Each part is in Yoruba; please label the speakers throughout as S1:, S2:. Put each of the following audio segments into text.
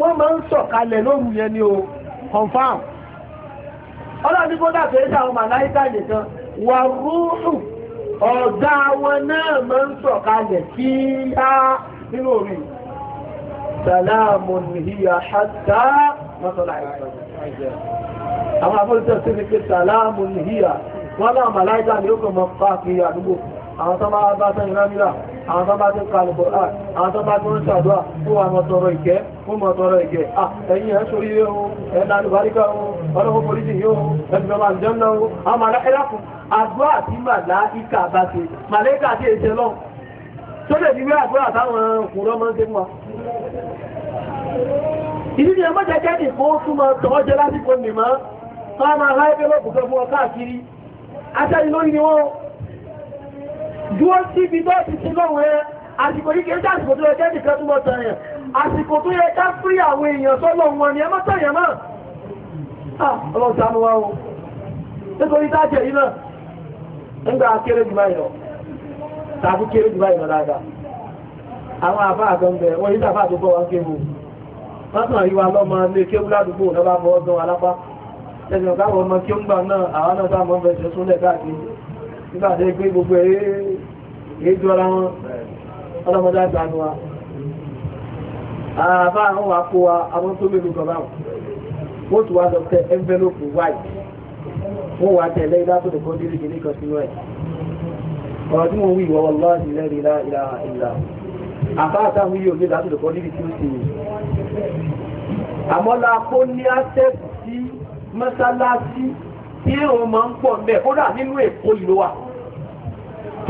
S1: wọ́n máa ń sọ̀kalẹ̀ lóru yẹn ni o confam ọlọ́ni kódà pé sáwọn màláìkà nìkan wà rúrù ọ̀gá wọn náà máa ń sọ̀kalẹ̀ kí á nínú orí salamun hiya hatta mọ́sọ̀lá ìrìnàjò àwọn afọ́lẹ́sẹ̀ sí ni pé salamun hiya wọ́n láwọn màláìkà ni ó kọ̀ mọ́ fà kiri àdúgbò àwọn tó àwọn tó bá tí ń kalù bọ̀rá àwọn tó bá tí ń ṣàdúwà fún àmọ́ tọrọ ìkẹ́ fún mọ̀ tọrọ ìkẹ́ ẹ̀yìn ẹ̀ sórí ilé ohun ẹ̀nà alùbáríkà ohun ọlọ́pọ̀ polisi yóò ẹgbẹ̀rún àjọ́nà ohun àmà ẹlẹ́kùn àdúrà tí màlá ìkà bá ṣe màlẹ́kà tí èṣẹ́ lọ tó lè fi wé àdúrà táwọn òkúrọ́ mọ́ ń ṣe fún wa ìdí ni ọmọ jẹjẹ nìkan ó túnmọ̀ tọ́jẹ́ lásìkò nìmọ́ fáwọn ará ẹgbẹ́ lọ́pùpẹ́ fún ọ káàkiri aṣẹ́ ìlóyìn ni wọ́n dúó sí ibi tó ti sí lọ́wọ́ ẹ àsìkò yìí kéjá àsìkò tó ẹjẹ́ nìkan tó mọ́ta ẹ̀ àsìkò tó yẹ ká frí àwọn èèyàn sọ́lọ́ wọn ni ẹ mọ́ta èèyàn náà ọlọ́ta mú wá o nítorí tájẹ̀ yìí náà nígbà kéré jù báyìí lọ tàbí kéré jù báyìí lọ dáadáa àwọn àbá àgbẹ̀mbẹ̀ wọ́n yìí tàbá àdúgbò wọn kéwu wọ́n tàn yí wa lọ́mọ ilé kéwu ládùúgbò lọ́ba fọ́ ọdún alápá ẹ̀sìn ọ̀gá àwọn ọmọ kéwu gbà náà àwọn náà sáà mọ́ bẹ̀rẹ̀ sún lẹ̀ káàkiri nígbà tó gbé gbogbo ẹ̀ kìí jọra wọn ọlọ́mọdé àgbàánu wa àbá àwọn wà kó wa àwọn tó mélòó kan báwọn wọ́n tún wá lọ envelope white wọ́n wà tẹ̀lé ìdábòdò kan dé ìdílé kan sínú ẹ̀ ọ̀rọ̀ tí wọ́n wí ìwọ̀ wọ́n lọ́wọ́ sí lẹ́rìí ìlà ìlà ìlà àbá àtàwọn yìí ò ní ìdábòdò kan níbi tí ó ti yìí àmọ́ la kó ní access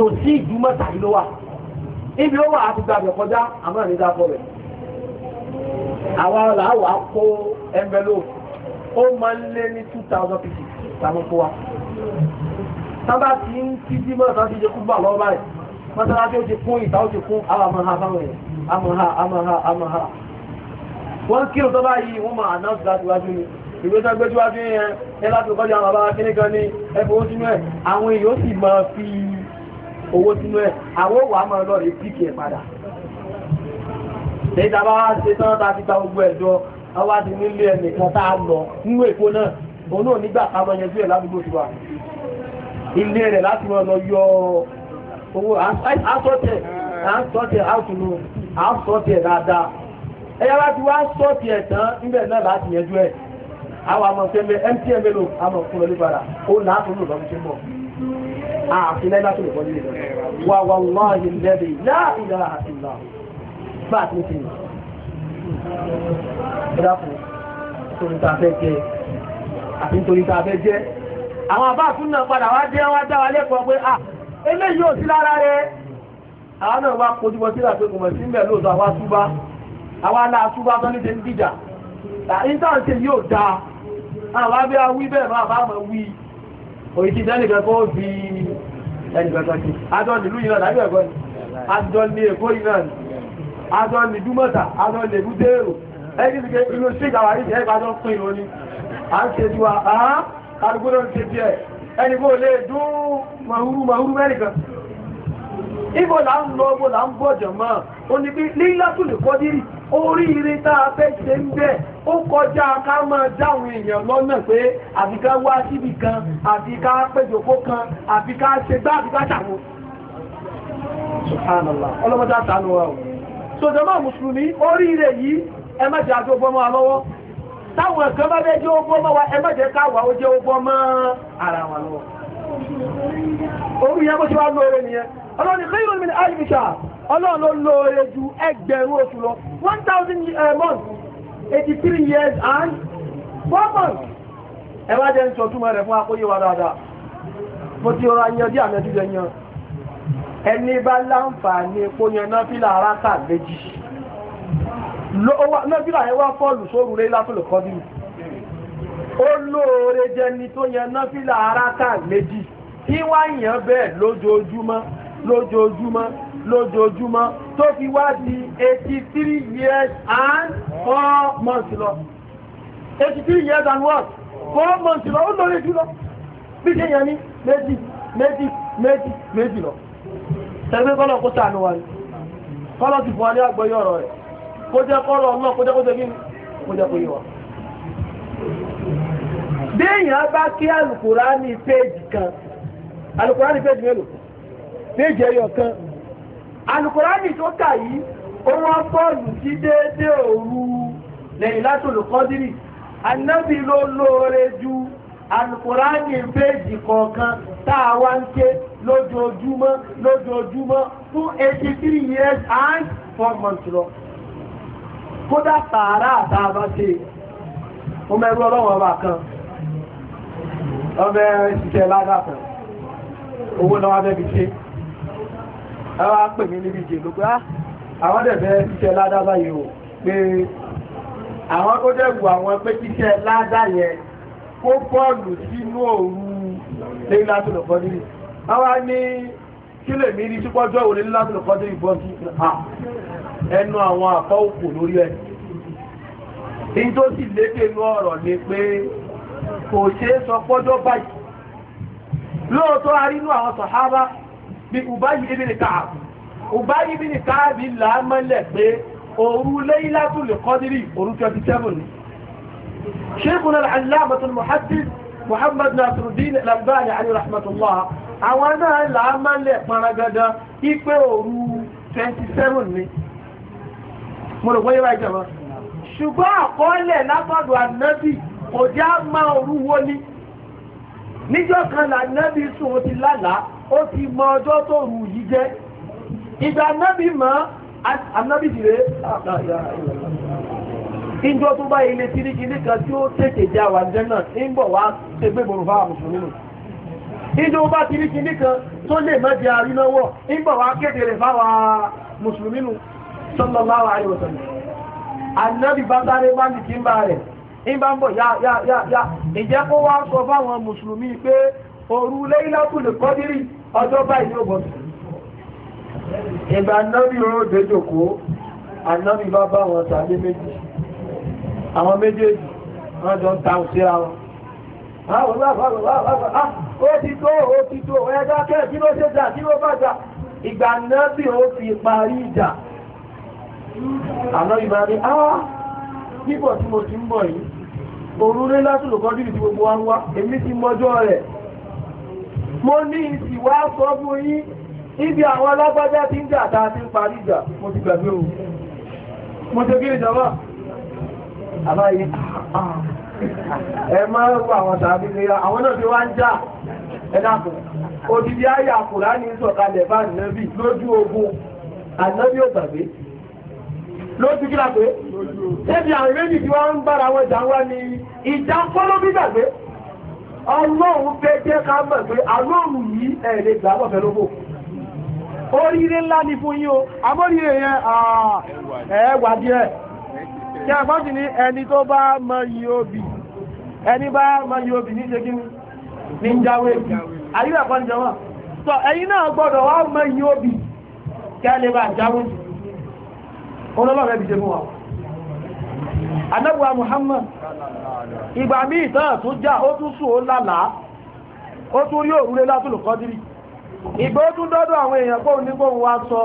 S1: tòsí ìlú mẹ́ta yìí ló wà ibi ó wà àti gbàgbẹ̀ kọjá àmọ́ ní dápọ̀ rẹ̀ àwa làwọ̀ á kó envelope ó máa ń lé ní 2000 pieces tàbí kó wa tábà tí ń kí sí mọ́ ìtàkì jẹ́ kú bà lọ́wọ́ báyìí mọ́sálásí ó ti kún ìta ó ti kún àwọn àmàhà báwọn yẹn àmàhà àmàhà àmàhà wọ́n kí o tọ́bá yìí wọ́n máa announce láti wájú ni ìwé tó gbé síwájú yẹn ẹ láti kọjá àwọn bàbá kíní kan ní ẹ̀fọ́ ó sínú ẹ̀ àwọn èèyàn sì máa fi owó sínú ẹ̀ àwọn òwò àmọ́ ọlọ́rẹ̀ píkì ẹ̀ padà ṣèjá bá ṣe tán tá a ti ta gbogbo ti nílé ẹnìkan tá a lọ nínú èkó náà òun náà nígbà ká yẹn sí ẹ̀ ládùúgbò tiwa ilé rẹ̀ láti wọn lọ yọ owó asọ́tẹ̀ asọ́tẹ̀ àtúnú asọ́tẹ̀ dáadáa ẹ̀yà bá ti wá ẹ̀ tán níbẹ̀ náà láti ẹ̀ àwọn àmọ̀ mtn mélòó àmọ̀ fún ọ ààfin lẹ́lá tó lè bọ́ nílé lọ wà wà láàyè lẹ́bí láìlá àti ìlà bá a ti ń tẹ̀lé ìdákùn torí ta fẹ́ jẹ́ àti nítorí ta fẹ́ jẹ́ àwọn àbáàkún náà padà wá jẹ́ wá dá lẹ́kọ̀ọ́ pé à eléyìí ò sí lára rẹ̀ àwọn náà wá kojú wọn sílà pé kò sí mẹ́ lóòótọ́ àwa túbá àwa aláà túbá tán níṣe ń dìjà ìtàn yóò dáa àwọn abẹ́ awí bẹ́ẹ̀ òyìtí tẹ́nìkan kó fi ẹnìkọ̀tọ̀kì adọ́lì ìlú ìran àbí ẹ̀kọ́ ni adọ́lì èkó ìran adọ́lì dúmọ́ta adọ́lì èbúdérò ẹgbẹ́ ìgbẹ́ inú sígbàwà ní ẹgbẹ́ adọ́ fún ìrò ni a ń ṣe ju àá kárùgbọ́n ti tiẹ̀ ẹnìkó lè dún màhúrú màhúrú mẹ́rìnkan ibo là ń lọ ọgbọ́ la ń gbọ́jọ̀ mọ́ o ní bí oríire tá a fẹ́ ṣe ń bẹ́ ó kọjá ká máa dáhùn èèyàn lọ́nà pé àfi ká wá síbì kan àfi ká kan àfi ká ṣe gbá àfi ká ṣàwọn ọlọ́mọdé àtàánú o mùsùlùmí oríire yìí ẹ má jẹ́ àjọ gbọmọ táwọn bá jẹ́ wa ẹ má jẹ́ ó jẹ́ ara wa lọ́wọ́ ọlọ́ni khairun min alifisha ọlọ́run ló lo ore ju ẹgbẹ̀rún oṣù lọ one thousand eh, months eighty three years and four months ẹ wá jẹ́ ń sọ túmọ̀ rẹ̀ fún akóyè wa dáadáa mo ti rọra yan bí àmẹ́tí jẹ yan ẹni bá láǹfààní epo yan náfìlà aráta méjì náfìlà yẹn wá fọ́ọ̀lù sóòrù lé látòlù kọ́dí ó lóore jẹni tó yan náfìlà aráta méjì kí wá yàn bẹ́ẹ̀ lójoojúmọ́ lójoojúmọ́ lójoojúmọ́ tó fi wá di 83 years and 4 months lọ 83 years and what? 4 months lọ ó lórí jùlọ bí kí èèyàn ní méjì méjì méjì méjì lọ tẹ́gbẹ́ kọ́lọ̀ kó sàánú wa ní kọ́lọ̀ ti fún wa ní àgbọ́yé ọ̀rọ̀ rẹ̀ kó jẹ́ kọ́lọ̀ náà kó jẹ́ kó jẹ́ kí kó jẹ́ kó yé wa bí èèyàn bá kí alùkùránì péjì kan alùkùránì péjì mélòó péjì ẹyọ kan alukurani tó kà yìí ó wọ́n bọ́ọ̀lù sí déédé òru lẹ́yìn látòlù kọ́dírì anábì ló lóore ju alukurani péjì kọ̀ọ̀kan tá a wá ń ké lójoojúmọ́ lójoojúmọ́ fún eighty three years and four months lọ kódà tààrà àtàbà ṣe ọmọ ẹrú ọlọ́wọ́ ọba kan ọmọ ẹ̀ ṣiṣẹ́ ládàá kan owó lọ́wọ́ abẹ́bí ṣe àwọn apè mi níbi ìjè ló pé á ah, àwọn dẹ̀bẹ̀ iṣẹ́ ládá báyìí o pé àwọn tó dẹ̀wù àwọn pé iṣẹ́ ládá yẹn kó bọ́ọ̀lù sínú òru lẹ́yìn láti lọ́kọ́ níbi àwọn ní kí lè mí ní sípọ́jọ́ òru lẹ́yìn láti lọ́kọ́ níbi bọ́ọ̀lù ah, ẹnu àwọn àkọ́ òkú lórí ẹ̀ ní tó sì lékè inú ọ̀rọ̀ ni pé kò ṣeé sọ pọ́jọ́ báyìí lóòótọ́ arínú àwọn sàhábà bí Ubayi ibi ni káàbì Ubayi ibi ni káàbì làámọ́lẹ̀ pé òru Laylatul Qadri òru 27 ni Sheikhuna al-Allamatul Muhaddith Muhammad Nasiruddin al-Albani alayhi rahmatullah àwọn náà làámọ́lẹ̀ panagada ipé òru 27 ni mo rò wáyé ṣùgbọ́n àkọọ́lẹ̀ látọ̀dọ̀ ànábì kò já máa òru wo níjọ́ kan là nẹ́bí sùn ó ti lálàá ó ti mọ ọjọ́ tó rù yìí jẹ́ ìgbà nẹ́bí mọ́ ànábì sì rẹ̀ ìjọ tó bá ilé tíríkì nìkan tí ó tètè jẹ àwọn àjẹ náà ń bọ̀ wá ṣe gbé gbòòrò fáwọn mùsùlùmí nù ìjọ bá tíríkì nìkan tó lè má jẹ àrínáwọ̀ ń bọ̀ wá kéde rẹ̀ fáwọn mùsùlùmí nù sallallahu alaihi bá sáré bá nìkí ń bá rẹ̀ ìbámbọ̀ yáyáyá ìjẹ́ kó wá sọ fáwọn mùsùlùmí pé òru lẹ́yìnlákùnlé kọ́dírì ọjọ́ báyìí ó bọ̀tù ìgbà náàbí oró déjòkó ànábì bá bá wọn tàbí méjì àwọn méjèèjì wọ́n jọ ń taun síra wọn ó ti tó ó ti tó ẹgbẹ́ akẹ́ kí ló ṣe jà kí ló bá jà ìgbà náàbí ó fi parí ìjà ànábì bá ní áá bíbọ̀ tí mo ti ń bọ̀ yìí òru lé látòlò kan tí gbogbo wa wá èmi ti mọjọ́ rẹ̀ mo ní ìsì wá sọ fún yín ibi àwọn alágbájá ti ń jà tá ti ń parí ìjà mo ti gbàgbé o mo ti kiri ìjọba àbáyé ẹ máa ń wọ àwọn tàbí léra àwọn náà ti wá ń jà ẹ òdìdí ayé àkùrá ní sọ̀kalẹ̀ bá nẹ́bì lójú ogun ànábì ò gbàgbé lójú kí lápé ṣébi àwọn tí wọ́n ń bára wọn jà ọlọ́run jẹ́ ká mọ̀ pé alóòrùn oríire ńlá ni fún amóríire yẹn díẹ̀ kí a ní ẹni tó bá mọ yìí obì ẹni bá mọ yìí obì ní ṣe ní jáwé so náà gbọ́dọ̀ wá mọ obì ọlọ́lọ́rẹ́ bí jẹmọ́ àwọn anábùwa Muhammad ìgbà mí ìtàn tó já ó tún sùn ó lálàá ó tún rí òrùlé látùlù kọ́dírì ìgbà ó tún dọ́dọ̀ àwọn èèyàn ní wa sọ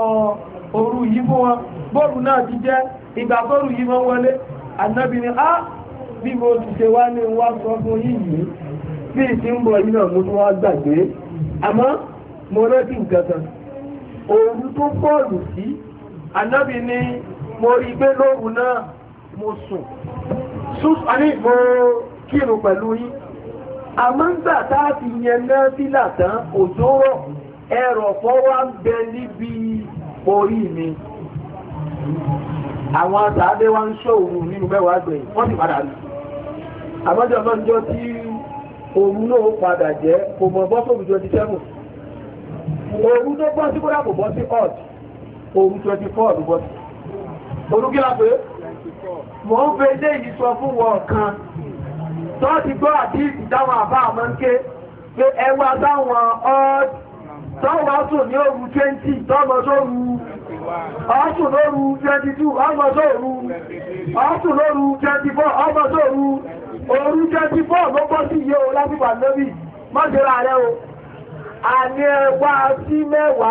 S1: òru yìí fún wọn bóòrù náà ti jẹ́ ìgbà tóòrù yìí wọ́n wọlé anábì ni á bí mo ti ṣe wá ní wá sọ fún yìí bí ń bọ̀ yìí anábì ni mo rí gbé lóru náà mo sùn àní mo kírun pẹ̀lú yín àmọ́ngbà táàfi yẹn náà sí làtán òjò rọ̀ ẹrọ̀fọ́ wá ń bẹ níbi orí mi àwọn àtàdé wá ń ṣòwò nínú mẹ́wàá gbẹ̀yìn wọ́n sì padà rí àmọ́jọ́ lọ́njọ́ tí òun náà padà jẹ́ kò mọ̀ bọ́sọ̀bùjọ́ ti sẹ́mù òun tó bọ́ sí kódà kò bọ́ sí ọ̀tún òun 24 ọdúgbọ́ olúkílá pé mọ́ ń fẹ́ ilé yìí sọ fún wọn kan tó ti gbọ́ àti ìdáwọn àbá àmọ́ ń ké pé ẹwà táwọn ọ́d tọ́wọ́ sùn ní òru 20 tọ́mọ sóru ọ́sùn lóru 22 ọmọ sóru ọ́sùn lóru 24 ọmọ sóru òru 24 ló bọ́ sí iye o lásìkò àlóbì mọ́sẹ̀rẹ̀ ààrẹ o a ní ẹwà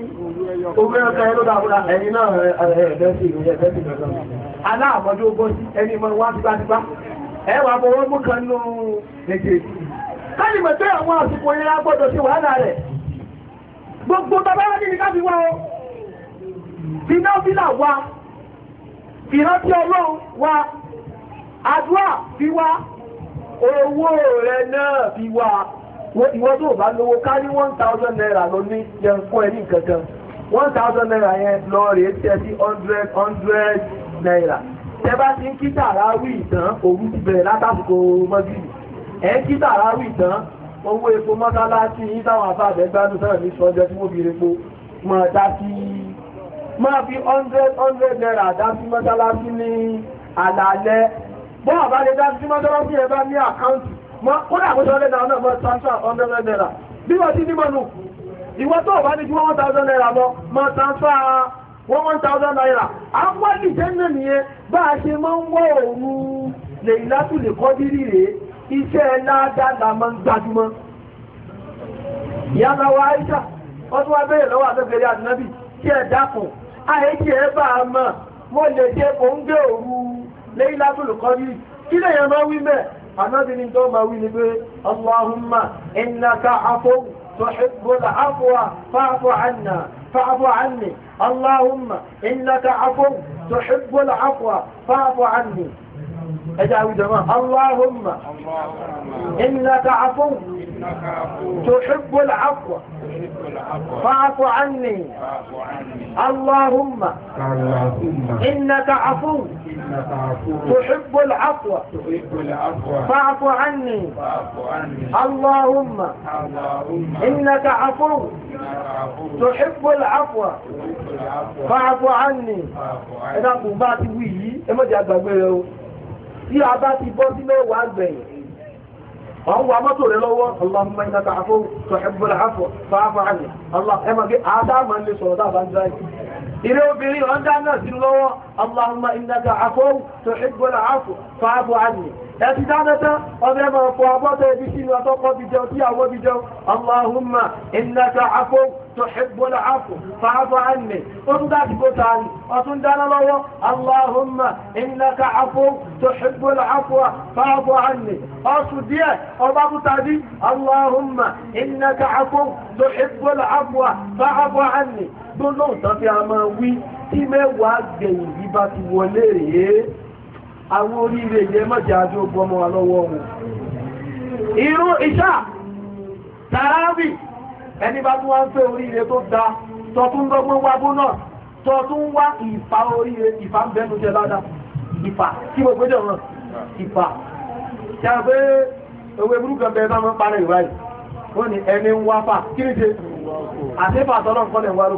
S1: Owó ẹ̀kọ́ ẹ̀ ló dábúra ẹ̀yìn náà ẹ̀ẹ̀bẹ́ sí ìròyìn ẹ̀bẹ́ sí ìròyìn. Aláàmọ́jú ó bọ́ sí ẹni mọ́ wá tipátipá. Ẹ wà bọ̀ wọ́n mú kan nínú méjèèjì. Káyì mọ̀ pé àwọn àsìkò yẹn á gbọ́dọ̀ sí wàhálà rẹ̀. Gbogbo bàbá wa nínú káfí wá o. Finá fílà wa. Ìrántí Ọlọ́run wa. Àdúrà fi wá. Owó rẹ̀ náà fi wá ìwọ́n tó bá lówó kárí one thousand naira lọ ní jẹun fún ẹni kankan one thousand naira yẹn lọ rèé tẹ́ sí hundred hundred naira tẹ́ bá ti ń kí tàràwì ìtàn òru ti bẹ̀rẹ̀ látàkùkọ mọ́gìrì ẹ̀ ń kí tàràwì ìtàn owó epo mọ́sálásí yìí táwọn afáàbẹ̀ gbádùn sọ̀rọ̀ ní sọ́jọ́ tí wọ́n fi repo mọ̀ dá sí máa fi hundred hundred naira dá sí mọ́sálásí ní àlàálẹ́ bọ́ àbá lè dá sí mọ́sálásí ẹ̀ bá ní àkáǹtì mọ́ kódà àkóso ọ̀rẹ́ náà náà mọ́ transfer hundred naira bí wọ́n ti ní mọ́nù ìwọ tó bá ní ju 1,000 naira lọ mọ tàǹfà one thousand naira àwọn ìjẹ́ náà nìyẹn bá a ṣe máa ń wọ òru lè látù lè kọ́ dírí rèé iṣẹ́ ládáadáa máa ń gbajúmọ́ ìyá náà wá Aisha wọ́n tún wá lọ́wọ́ àtọ́gẹ̀rẹ́ àdínábì tí ẹ dákun àyíkí ẹ bá a mọ̀ mo lè ṣe oúnjẹ òru lẹ́yìn látòlùkọ́ yìí kí lèèyàn máa wí mẹ́ ànábì ni máa wí ni pé Allahumma innaka afuwwun تحب العفو فاعف عنا فاعف عني اللهم إنك عفو تحب العفو فاعف عني اجعلوا جماعة اللهم إنك عفو تحب العفو فاعف عني اللهم إنك عفو تحب العفو فاعف عني اللهم إنك عفو
S2: تحب العفو fàáfọ́
S1: á ní ẹ̀dàkùn bá ti wí yìí o tí ti wọ́n wà mọ́tò rẹ̀ lọ́wọ́ Allahumma innaka afuwwun tuhibbul afwa fa'fu anni Allah ẹmọ̀ pé àádámà ń lè sọ̀rọ̀ dáàbà ń اللهم إنك عفو تحب العفو فاعف عني ẹ̀sì dáadáa ọmọ ẹmọ ọ̀pọ̀ àbọ́dọ̀ ẹbí sínú àtọ́kọ́ bí jẹun tí àwọn bí jẹun aláhùnmá ìnaka àfò tó ṣẹgbọ́n àfò fàáfà àmì ó tún dáàbì kó tààrí ọtún dáná lọ́wọ́ aláhùnmá ìnaka àfò tó ṣẹgbọ́n àfò fàáfà àmì ọtún díẹ̀ ọba tó tàbí aláhùnmá ìnaka àfò tó ṣẹgbọ́n àfò fàáfà àmì tí mẹ́wàá gbẹ̀yìn bí bá ti wọlé rèé àwọn oríire yẹn mọ̀jẹ̀ àjọ gbọmọ wa lọ́wọ́ wọn irú ìṣà tààbì ẹni bá tún wá ń fẹ́ oríire tó da tọ́tún lọ́gbọ́n wá bó náà tọ́tún wá ìfà oríire ìfà ń bẹ́nu jẹ dáadáa ìfà tí mo gbẹ́jọ̀ náà ìfà tí a pé ewé burúkú ọbẹ̀ bá máa ń parẹ́ ìwáyìí wọ́n ni ẹni ń wá fà kí ni ṣe àṣẹ́fà tọ́lọ́ nǹkan lẹ̀ ń wá ló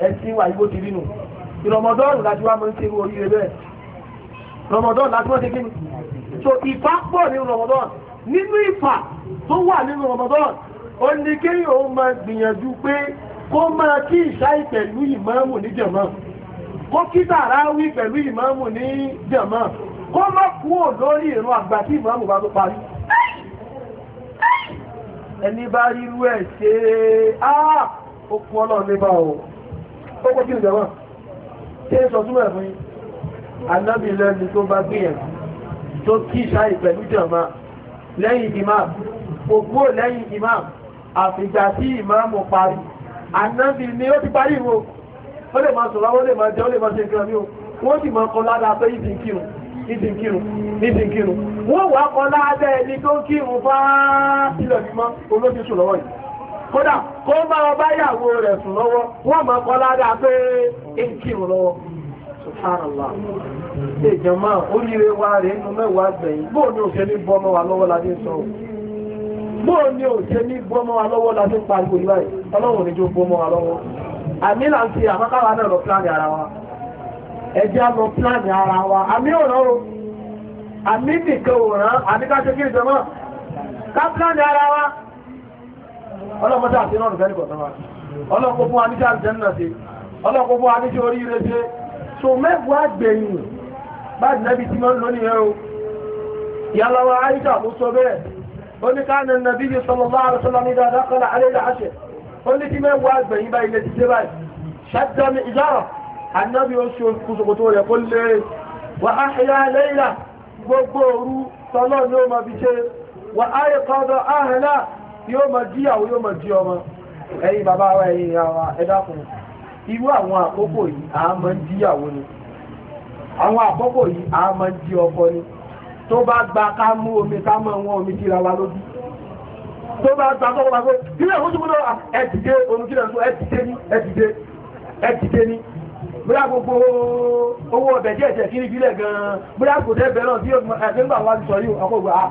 S1: ẹtí wà igbó ti rínú ìrọmọdọ́ọ̀nù láti wá mọ́ ń ṣe orí rẹ̀ bẹ́ẹ̀ láti wọ́n ti kí ni so ìfà pọ̀ nínú rọmọdọ́ọ̀nù nínú ìfà tó wà nínú rọmọdọ́ọ̀nù ó ní kéyìn òun máa gbìyànjú pé kó máa kí ìṣáì pẹ̀lú ìmáàmù ní jàmáà kó kí tàràwí pẹ̀lú ìmáàmù ní jàmáà kó má kúrò lórí ìrun àgbà tí ìmáàmù bá tó parí ẹni bá rírú ẹ̀ ṣe áà ó kú ọlọ́run níbà o ó kó kí ìjọba tí ń sọ túnmọ̀ fún yín anábì lẹ́ni tó bá gbìyànjú tó kí ìṣáì pẹ̀lú jàmá lẹ́yìn imam ògbó lẹ́yìn imam àfìgbà tí ìmáàmù parí anábì ni ó ti parí ìwò ó lè máa sọ̀rọ̀ ó lè máa jẹ́ ó lè máa ṣe nǹkan ní o wọ́n sì máa kọ ládàá pé ìdí kírun ìdí kírun ìdí kírun wọ́n wàá kọ ládàá ẹni tó kírun fáá ilẹ̀ mímọ́ olóṣèṣù lọ́wọ́ yìí kódà kó máa bá yàwó rẹ̀ sùn lọ́wọ́ wọ́n máa kọ́ lára pé ń kírun lọ́wọ́ subhanallah ṣe oríire wa rẹ̀ nínú mẹ́wàá gbẹ̀yìn bóò ní òṣè ní bọ́ ọmọ lọ́wọ́ la sọ bóò o, bọ́ lọ́wọ́ la lọ́wọ́ nìkan ọlọ́pọ̀tà àti náà nìkan nìkan sọ́wọ́ ọlọ́pọ̀ fún aníṣẹ́ àjẹ́nà ṣe ọlọ́pọ̀ fún aníṣẹ́ oríire ṣe so mẹ́wàá gbẹ̀yìn bá nẹ́bí tí wọ́n lónìí ẹ̀rọ yàlọ́wọ́ àìṣà ló sọ bẹ́ẹ̀ ó ní ká nà nàbí yìí sallallahu alaihi wasallam ní dáadáa kọ́lá alẹ́ àṣẹ ó ní tí mẹ́wàá gbẹ̀yìn bá ilé ti dé báyìí ṣàdámi ìjára ànábì ó ṣe yóò mọ jí àwọn yóò mọ jí ọmọ ẹ̀yin bàbá wa ẹ̀yin ìyá wa irú àwọn àkókò yìí a máa ń jíyàwó ni àwọn àkókò yìí a máa ń jí ọkọ ni tó bá gba ká mú omi ká mọ wọn omi kíra wa lójú tó bá gba kọ́kọ́ bá gbé kílẹ̀ ìwọ́n túnbọ̀ ẹ dìde omi kílẹ̀ tó ẹ dìde ní ẹ dìde ẹ dìde ní bóyá gbogbo owó ọbẹ̀ jẹ́ ẹ̀jẹ̀ kí ní bílẹ̀ gan-an bóyá kò dẹ́ bẹ́ẹ̀ náà bí ọgbà wa sọ yìí ọkọ̀ gbà ah,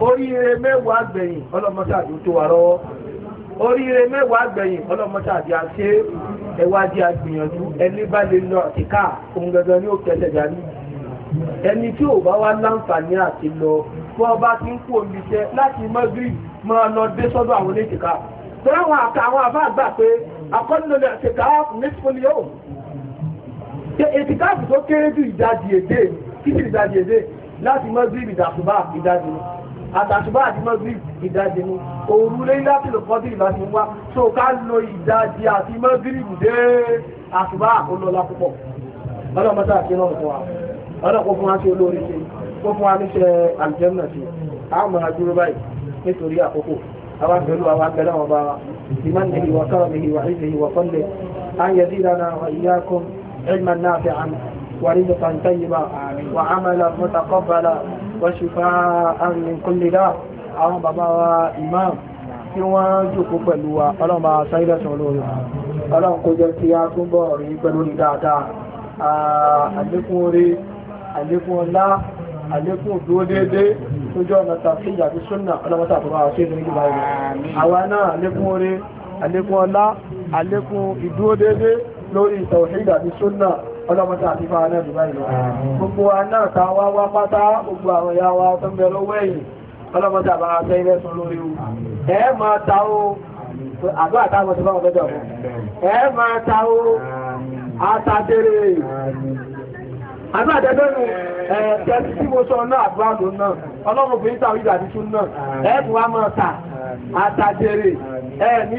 S1: oríire mẹ́wàá gbẹ̀yìn ọlọ́mọ́sàdì tó wà lọ́wọ́ oríire mẹ́wàá gbẹ̀yìn ọlọ́mọ́sàdì àṣẹ ẹwádìí àgbìyànjú ẹni bá lè lọ àtìká ohun gangan ní òkèlẹ̀ dání ẹni tí ò bá wá láǹfààní àti lọ fún ọba tí ń kú omi iṣẹ́ láti mọ́gírì máa lọ dé sọ́dọ̀ àwọn àka àwọn àbá àgbà pé akọ́nilọ́lẹ̀ àtìká nípínlẹ̀ yóò kéré ju ìdajì èdè kí àtàṣùbá àti mọ́gbí ìdájì ni òru lé láti lò fọ́dí ìlànà wá tó ká lo ìdájì àti mọ́gbí ìdé àṣùbá olóla púpọ̀ ọlọ́mọdé àti náà fún wa ọlọ́kọ̀ fún wa ṣe olóore ṣe kó fún wa níṣẹ́ àlùjẹ́mìnà ṣe àwọn máa dúró báyìí nítorí àkókò àwọn pẹ̀lú àwọn akẹ́lẹ́ wọn bá wa بمنه وكرمه وعزه وفضله أن يزيدنا وإياكم علما نافعا ورزقا طيبا متقبلا وشفاء من كل داء
S2: àwọn bàbá wa imam tí wọ́n jòkó pẹ̀lú wa ọlọ́run bá sáyílẹ̀ sọ lórí ọlọ́run kó jẹ́ kí a tún bọ̀ rí pẹ̀lú ní dáadáa àlékún
S1: orí àlékún ọlá àlékún dúró déédé tó jọ ọ̀nà tàbí ìyàbí súnà ọlọ́mọta àtọ́wà sí ìlú ìgbà ìlú àwa náà àlékún orí àlékún ọlá àlékún ìdúró déédé lórí tàwhídì àti súnnà ọlọ́mọta àti fáwọn náà bí báyìí gbogbo náà ta wá pátá gbogbo àwọn wa tó ń bẹ lọ́wọ́ ẹ̀yìn ọlọ́mọta bá fẹ́ ilẹ̀ sọ lórí o ẹ máa ta o ẹ ẹ̀ ní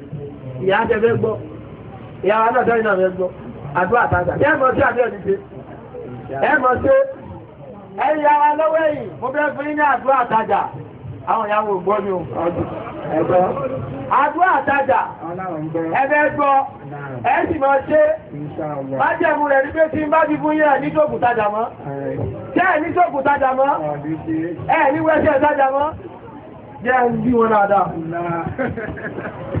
S1: ìyá jẹ́fẹ́ gbọ́ ìyá wa náà dẹ́rìn rẹ̀ gbọ́ àdúrà tàgbà ẹ mọ̀ sí àdúrà ìdíje ẹ mọ̀ sí ẹ̀yìn wa lọ́wọ́ ẹ̀yìn mo fẹ́ fún ní àdúrà àtajà àwọn ìyàwó gbọ́ ní pé tí ń bá fi fún yín ẹ̀ ní tóògùn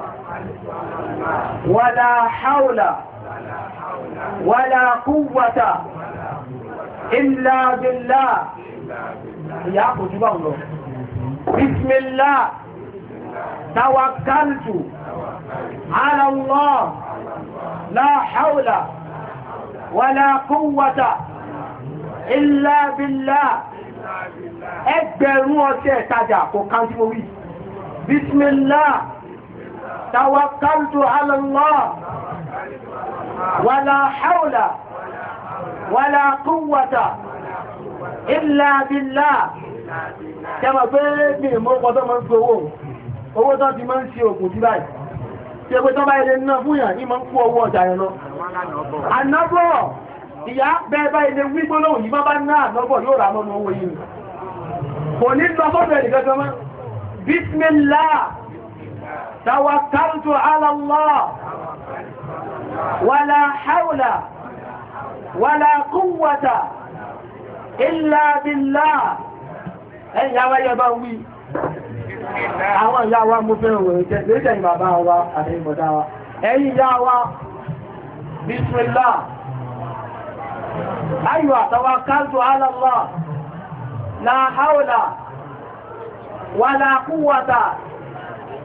S1: ولا حول ولا قوة إلا بالله يا أبو جبان بسم الله توكلت على الله لا حول ولا قوة إلا بالله ẹgbẹ̀rún ọ̀sẹ̀ ìtajà kò káńtí mo wí bísmìláà توكلت على الله ولا حول ولا قوة إلا
S2: بالله كما
S1: بيني mọ́kọ̀ tó máa ń fi owó owó tó ti máa ń ṣe òkú tí báyìí tí ẹgbẹ́ tó bá ilé náà fún yàn ní máa ń kú owó ọjà yẹn lọ ànábọ̀ ìyá bẹ́ẹ̀ bá ilé wígbóná òyí má bá náà ànábọ̀ yóò rà mọ́nà owó yìí kò ní lọ sọ́dọ̀ ẹ̀dì توكلت على الله ولا حول ولا قوة إلا بالله يا ويا باوي يا يا بسم الله أيوة توكلت على الله لا حول ولا قوة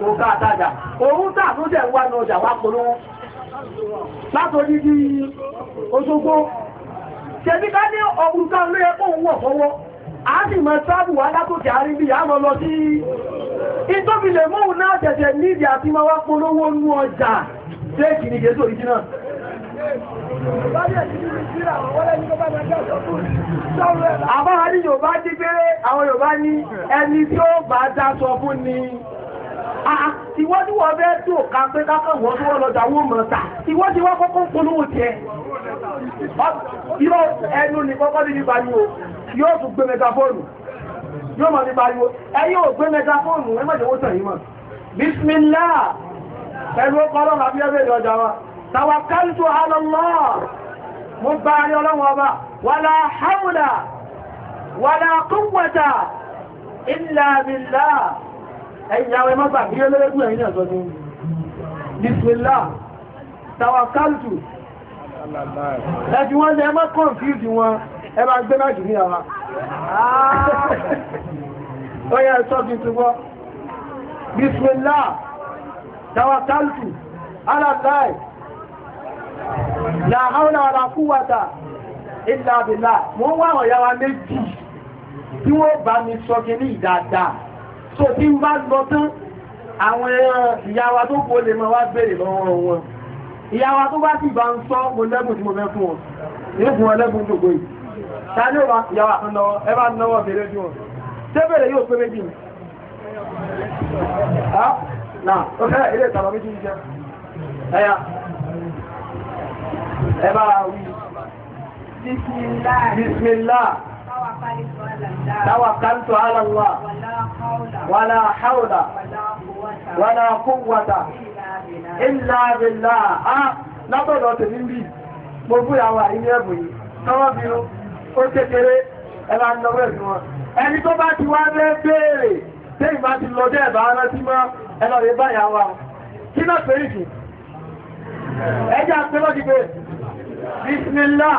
S1: òun ká àtàjà òun tà tó jẹ́ wà ní ọjà wá polówó látòrí bí Òṣogbo ní wọ̀ fọwọ́ a sì mọ̀ sáàbù wá látòkè àárín bí àmọ́ lọ sí ìtòbílẹ̀ mọ́hun náà tẹ̀tẹ̀ àti wá ọjà àbára ní Yorùbá jí àwọn Yorùbá ní ẹni tí ó bá dá sọ fún ni Ah, ah, ìwọ́n tí wọ́n bẹ́ẹ̀ tó ká pé kákàwọ́ tó wọ́n lọ́jà wọ́n mọ̀ ta ìwọ́n tí wọ́n kọ́kọ́ polówó tiẹ̀ yóò ẹnu ní kọ́kọ́ ní pariwo yóò tún gbé mẹtafóònù yóò mọ̀ ní pariwo ẹ yóò gbé mẹtafóònù ẹ mọ̀jẹ̀wó ẹ̀yàwó ẹmọ́gbà kí lélẹ́gbù ẹ̀yìn ẹ̀sọ́ ni bisimilá tawakaltu ẹ̀fí wọ́n lẹ ẹmọ́ kọ̀nfíìsì wọn ẹ máa gbé máa jù ní àwa ọyá ah. ẹ̀sọ́ bí ti wọ́ bisimilá tawakaltu alàláì la hawla wala wọ́n wá ọ̀yá méjì tí wọ́n bá mi sọ kí ní tó tí ń bá lọ tán àwọn ẹran ìyáwa tó kó lè máa wá bèèrè lọ́wọ́ wọn ìyáwa tó bá sì bá ń sọ mo lẹ́bùn tí mo fẹ́ fún wọn yóò fún wọn lẹ́bùn gbogbo yìí
S2: Bismillah. Bismillah. توكلت على الله ولا حول
S1: ولا قوة إلا بالله آه látọ̀dọ̀ tèmi ń bí mo búyàwó àìní ẹ̀bùn yìí tọ́wọ́ bí ó kékeré ẹ̀lá ìnáwó ẹ̀sùn wọn ẹni tó bá ti wá lẹ́ bèèrè tí ìbá ti lọ jẹ́ ẹ̀bá ara tí mọ́ ẹ̀lọ́ rẹ̀ báyàwó kí náà pèrè jù ẹjá pé lọ́dí bismillah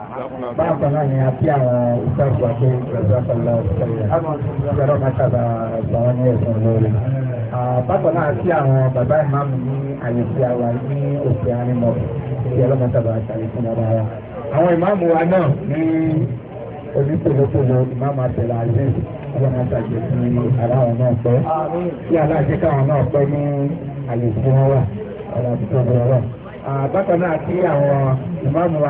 S2: bákan náà ni a fi àwọn ìtàkùn àti ìgbàsọ́kọ̀lọ́ ìṣẹ̀lẹ̀ ìṣẹ̀rọ̀ mẹ́tàbà àwọn ní ẹ̀sùn lórí. bákan náà sí àwọn bàbá ìmáàmù ní àyè sí àwa ní òkè ànímọ̀ ìṣẹ̀rọ̀ mẹ́tàbà àṣàyè fún ọba wa. àwọn ìmáàmù wa náà ní onípolópolo ìmáàmù àtẹlẹ àlẹ́ ọlọ́mọ àtàjẹ fún ara àwọn náà pẹ́
S3: kí aláàjẹ káwọn náà
S2: pẹ́ ní àyè sí wọn wà ọ̀làdúgbò ọ̀rọ̀ bákan náà sí àwọn ìmáàmù wa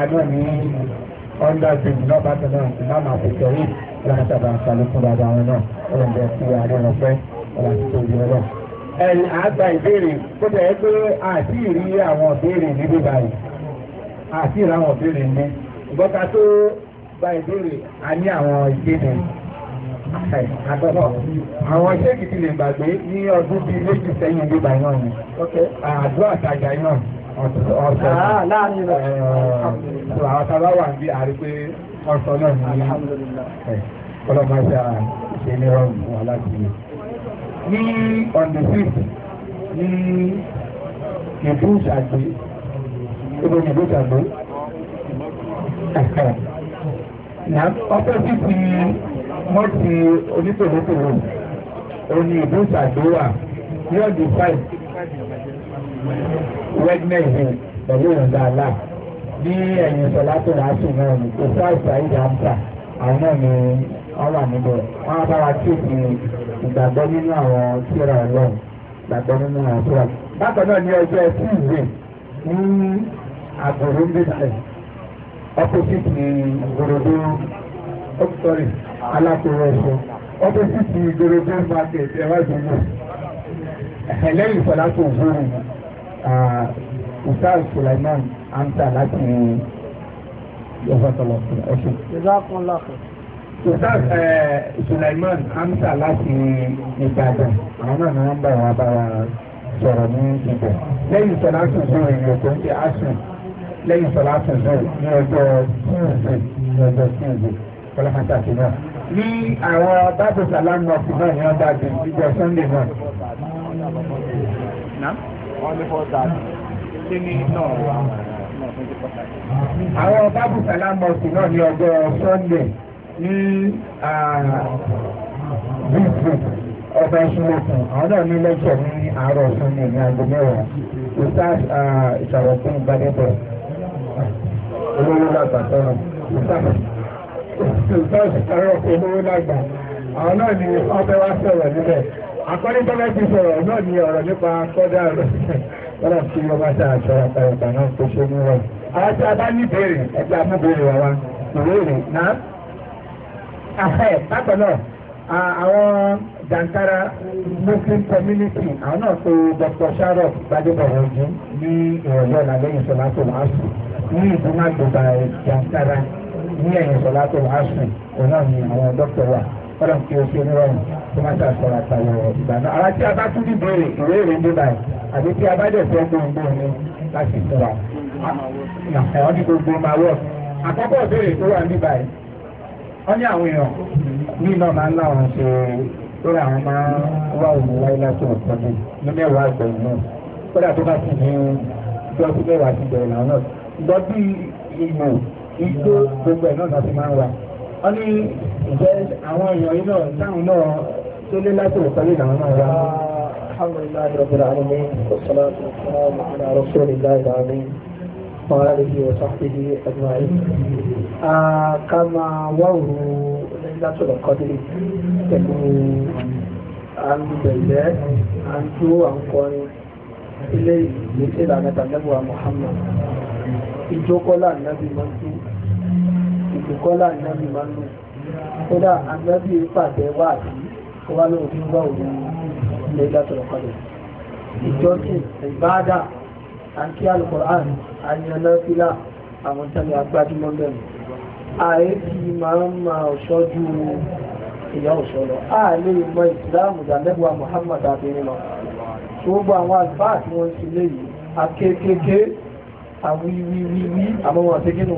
S2: under twenty náà bá tẹ̀lé ọ̀hún ìmáàmù àkókò yìí láti sábà ń salókun bàbá wọn náà ọlọ́dẹ sí àárín ọ̀fẹ́ ọlọ́dẹ tó yẹ lọ. ẹ̀yìn àgbà ìbéèrè kó jẹ́ pé àti ìrí àwọn ìbéèrè níbí báyìí àti ìrí àwọn ìbéèrè ní ìgbọ́ta tó gba ìbéèrè a ní àwọn ìkéde àgbọ̀dọ̀ àwọn iṣẹ́ kìkì lè gbàgbé ní ọdún bíi méjì sẹ́yìn níbí náà ni àdúrà àtàjà náà ọ̀sọ̀ ah, náà ní ọlọ́mọṣẹ́ ṣe ní ọrùn wọn láti yẹ. ní on the fifth ní ìbú ṣàgbé ìbú ìbú ṣàgbé na ọpẹ́ fífi mọ́tì onípòlópòló òní ìbú ṣàgbé wà ní on the five wẹ́dínẹ̀sì pẹ̀lú ìrìndàlá ní ẹ̀yìn sọ̀lá tó rà sí náà ní kò sá ìsàìdì àmsà àwọn náà ni wọ́n wà níbẹ̀ wọ́n á bá wa tí ìsìn ìgbàgbọ́ nínú àwọn tíra ọlọ́run ìgbàgbọ́ nínú àwọn tíra bákan náà ní ọjọ́ ẹtí ìwé ní àgòrò mbẹ́sẹ̀ opposite ní gorodo oh, sorry alákòwé ẹ̀ṣọ́ opposite ní gorodo market ẹ̀wá ìgbìmọ̀ ẹ̀lẹ́yìn sọ̀lá tó gbóòrùn Ustaz Sulaiman Amsa láti Yọ̀fọ̀tọ̀lọ̀ Ọ̀ṣun. Ustaz Sulaiman Amsa láti Ìbàdàn, àwọn náà máa ń bá wa bá wa sọ̀rọ̀ ní ibẹ̀. Lẹ́yìn sọ̀rọ̀ àtúnṣe ìrìn òkú ti Asun, lẹ́yìn sọ̀rọ̀ àtúnṣe ní ọjọ́ Tíǹsì, ní ọjọ́ Tíǹsì, Kọ́lákátà ti náà. Ní àwọn Bábùsà Lámọ̀kì náà ni wọ́n bá gbé ìjọ Sunday náà wọ́n ní four thirty ṣé ní náà wà àwọn bábù sálámọ̀sì náà ní ọjọ́ sunday ní bíbù ọba ìṣúlẹ̀kùn àwọn náà ní lẹ́kọ̀ọ́ ní àárọ̀ sunday ní aago mẹ́wàá ustaz ìṣàròkún gbadébọ̀ olówó lágbà sọ̀rọ̀ ustaz ìṣàròkún olówó lágbà àwọn náà ní ọbẹ̀ wá sọ̀rọ̀ níbẹ̀ akọ́ni tó mẹ́sì sọ̀rọ̀ náà ni ọ̀rọ̀ nípa kọ́dà rẹ̀ wọ́n ti yọ bá ṣe àṣọ àpàyàpà náà tó ṣe ní rẹ̀. àwọn tí a bá ní béèrè ẹgbẹ́ amúbèrè wa ìbéèrè náà. àfẹ́ muslim community àwọn náà pe dr sharok gbadébọ̀wọ̀jú ní ìrọ̀lẹ́ ọ̀làlẹ́yìn sọ̀lá tó wàá sùn ní ìdúnmàgbèbà jàǹkárà ní ẹ̀yìn sọ̀lá tó wàá ni àwọn dókítà wà ọlọ́run kí o ṣe onírọ̀rùn tó má ṣàṣọra àtàwọn ìgbà náà ara tí a bá tún dìbò èrè ìwé èrè ń débà àbí tí a bá dẹ̀ fẹ́ gbòǹgbò ni láti fún wa àwọn ní gbogbo máa wọ̀ àkọ́kọ́ ìbéèrè tó wà ní báyìí wọ́n ní àwọn èèyàn ní iná máa ń láwọn ṣe lórí àwọn máa ń wá òun wáyé láti ọ̀pọ̀ ní ní mẹ́wàá ìgbẹ̀yìn náà kódà tó bá sì ní ìjọ́sí mẹ́wàá ti bẹ̀rẹ̀ làwọn náà ìgbọ́ bí ìmọ̀ igbó gbogbo ẹ̀ náà ti wọ́n ní ìjẹ́ àwọn èèyàn yìí náà táwọn náà tó lé láti òkàlẹ̀ làwọn náà wá. alhamdulillah rabbil alamin wassalatu wassalamu ala rasulillahi alamin wa alihi wa sahbihi ajma'in. ká máa wá òru láti òkàlẹ̀ pẹ̀lú àǹdùbẹ̀lẹ́ àǹdù àǹkọrin ilé ìgbésẹ̀ làwọn tàbí Muhammad ìjókòó láàrin lábí mọ́tò ìdíkọ́lá ìnábì máa ń lò kódà àgbẹ́bí pàtẹ wà àti kó wá lóòrùn tó wà òun ilẹ̀ ìdátọ̀rọ̀ padà ìjọsìn ìbáadà àti alukoran àyànná fílà àwọn tàbí agbájúmọ́ bẹ̀rẹ̀ ààrẹ ti máa ń ma ọ̀ṣọ́ ju ìyá ọ̀ṣọ́ lọ ààrẹ ìmọ̀ ìsìláàmù ìdánẹ́bùwà Muhammad abẹ́rẹ́ lọ gbogbo àwọn àlùfáà tí wọ́n ti lé yìí akékèké àwíwíwíwí àmọ́ wọn àti kínú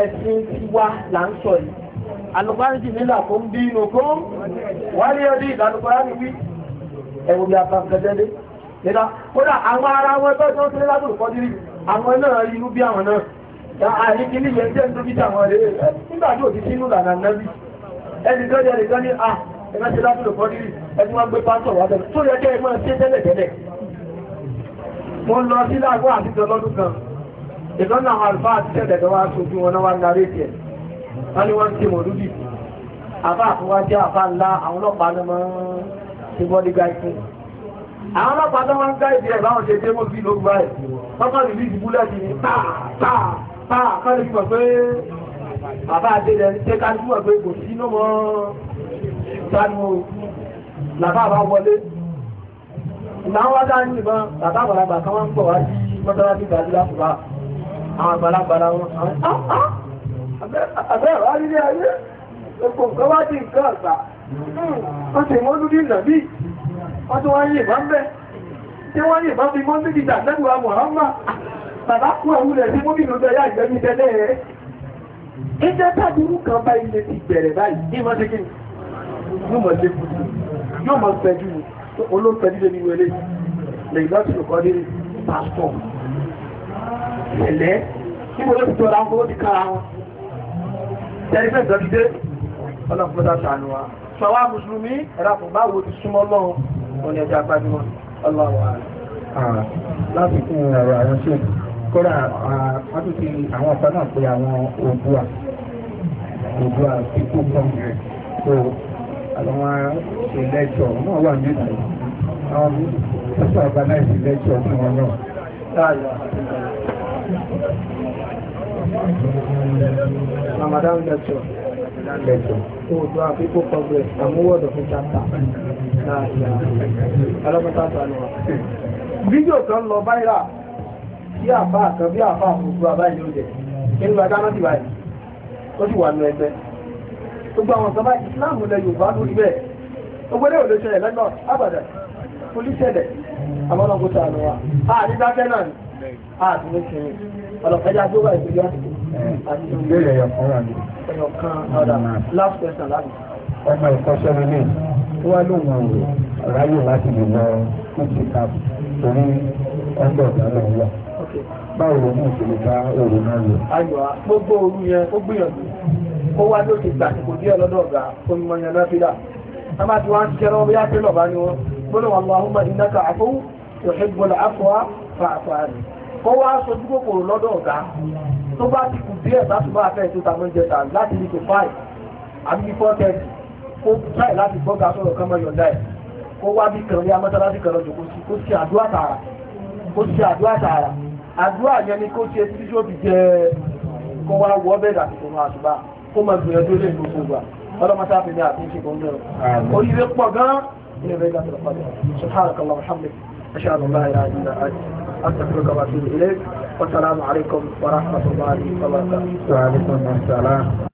S1: ẹ̀sìn tiwa là ń sọ yìí alùpàájì nílà kó ń bí inú kó ń wá ní ọdún ìdánùpàá ní wí ẹ̀wọ̀n bí afẹ́fẹ́dẹ́dẹ́ nígbà kódà àwọn ara wọn ẹgbẹ́ tó ń tẹ́lẹ̀ lábùrù kọ́ nírí àwọn náà inú bí àwọn náà àyíkí ní yẹn jẹ́ nítorí àwọn rèé nígbà tó ti sínú lànà nábì ẹni tó yẹ nìkan ní à ẹgbẹ́ tẹ́lẹ̀ lábùrù kọ́ nírí ẹni wọ́n gbé pásọ̀ wá bẹ̀rẹ̀ tó yẹ kẹ́ ẹgbẹ́ tẹ́lẹ̀ tẹ́lẹ̀ mo lọ sí láàgbọ́ àtijọ́ lọ́dún kan ìlọ́nà àwọn àlùfà àti ṣẹ̀dẹ̀dẹ̀ wá sojú wọn wá narí tiẹ̀ wọ́n ní wọ́n ti mọ̀ lúdì àbá àfọwá jẹ́ àbá ńlá àwọn ọlọ́pàá ló máa ń ṣe bọ́dí gáì fún àwọn ọlọ́pàá tó máa ń gáì bí ẹ̀ báwọn ṣe dé mọ́ sí lóògùn báyìí wọ́n kàn lè lùdì búlẹ̀ àwọn àgbàlagbàlà wọn àbẹ́rẹ̀ ah, ah, alílé ayé òpò nǹkan wá di nǹkan àgbà hmm, wọ́n ti mọ́ lórí ìnàbí wọ́n tó wáyé ìbá ń bẹ́ tí wọ́n ní ìbá fi mọ́ sí ìjà lẹ́gbẹ̀ẹ́ Muhammad bàbá kú àwúlẹ̀ sí mọ́bí lọ́jọ́ yá ìgbẹ́mí tẹ́lẹ̀ rẹ̀ ìjẹ́ tàbíwú kan bá ilé ti bẹ̀rẹ̀ báyìí ní wọ́n ti kí ni yóò mọ̀ sí kùtù yóò mọ̀ pẹ̀jú olóòpẹ̀jú lè ní wẹ̀lé lè lọ́tùrù kọ́ ní pásítọ̀ ẹ̀lẹ́ níbo ló ti tọ́ra wọn ti kára wọn tẹ́lí fẹ́ sọ dídé ọlọ́pọ̀lọpọ̀ sànù wa sọwá
S2: mùsùlùmí ẹ̀ráfọ̀ báwo ti súnmọ́ lọ́wọ́ wọn ni ẹja gbajúmọ̀ ọlọ́wọ́ ah, láti fún ọ̀rọ̀ àwọn ṣe kódà ah, wọ́n tún ti àwọn ọ̀pá náà pé àwọn òdua òdua pípò kan so àwọn ìlẹ́jọ̀ náà wà nígbà yìí àwọn ọ̀sán ọ̀gá náà ìlẹ́jọ̀ fún wọn náà. Ramadan lecture. Oòdó àfikún congress àmúwọ̀dọ̀ fún chapter náà ìyá ọlọ́pàá tàbí àlọ́wà.
S1: Fídíò kan lọ báyìí bí àfá kan bí àfá àfúrufú àbáyìí ló jẹ nínú adáná ti báyìí ó sì wà nù ẹgbẹ́. Gbogbo àwọn kan báyìí Islam lẹ Yorùbá lórí bẹ́ẹ̀. Gbogbo ilé òde ṣẹlẹ̀ lẹ́nà àbàdàn, polí ṣẹlẹ̀, àwọn ọlọ́gbọ́ta àlọ́wà. Àdídákẹ́ náà ni. Ah, àti lókèrè ọlọ́pẹ́jà tó wà ìgbéyà
S2: àti ìgbéyà ráyè láti lè lọ fífi cap torí ọgbọ̀n ọ̀dà wà báwo ló mú ìṣèlú bá òru náà lò. ayọ̀ gbogbo
S1: òru yẹn ó gbìyànjú ó wá lókè gbà kò díẹ̀ lọ́dọ̀ ọ̀gá onímọ̀yàn náà fi dà a máa ti wá ń ṣiṣẹ́ bí á pé lọ́ba ni wọ́n gbọ́dọ̀ wà lọ́wọ́ àwọn ọmọ ìnáka àfọwọ́ yòókè gbọ́dọ̀ àfọwọ́ fàáfàá rẹ̀ kó wá sojú kòkòrò lọ́dọ̀ ọ̀gá tó bá ti kù díẹ̀ bá tún bá fẹ́ tó ta mọ́ jẹta láti ní kò fáì àbí four thirty kó fáì láti gbọ́ ga sọ̀rọ̀ kán mọ́ yọ̀ǹda ẹ̀ kó wá bí kan ní amọ́tálásí kan lọ́jọ́ kó ṣe àdúrà tààrà kó ṣe àdúrà tààrà àdúrà yẹn ni kó ṣe títí tó fi jẹ kó wá wọ bẹ́ẹ̀ àti tòun àṣùbà kó máa gbìyànjú lé gbogbo ìgbà ọlọ́mọta fi ní àtúnṣe kan náà oríire pọ̀ gan-an ní ẹ̀rẹ́ ìgbà tó lọ pàdé subhanakallah alhamdulilayi ashhadu an la ilaha أستغفرك وأتوب إليك والسلام عليكم ورحمة الله وبركاته
S3: وعليكم السلام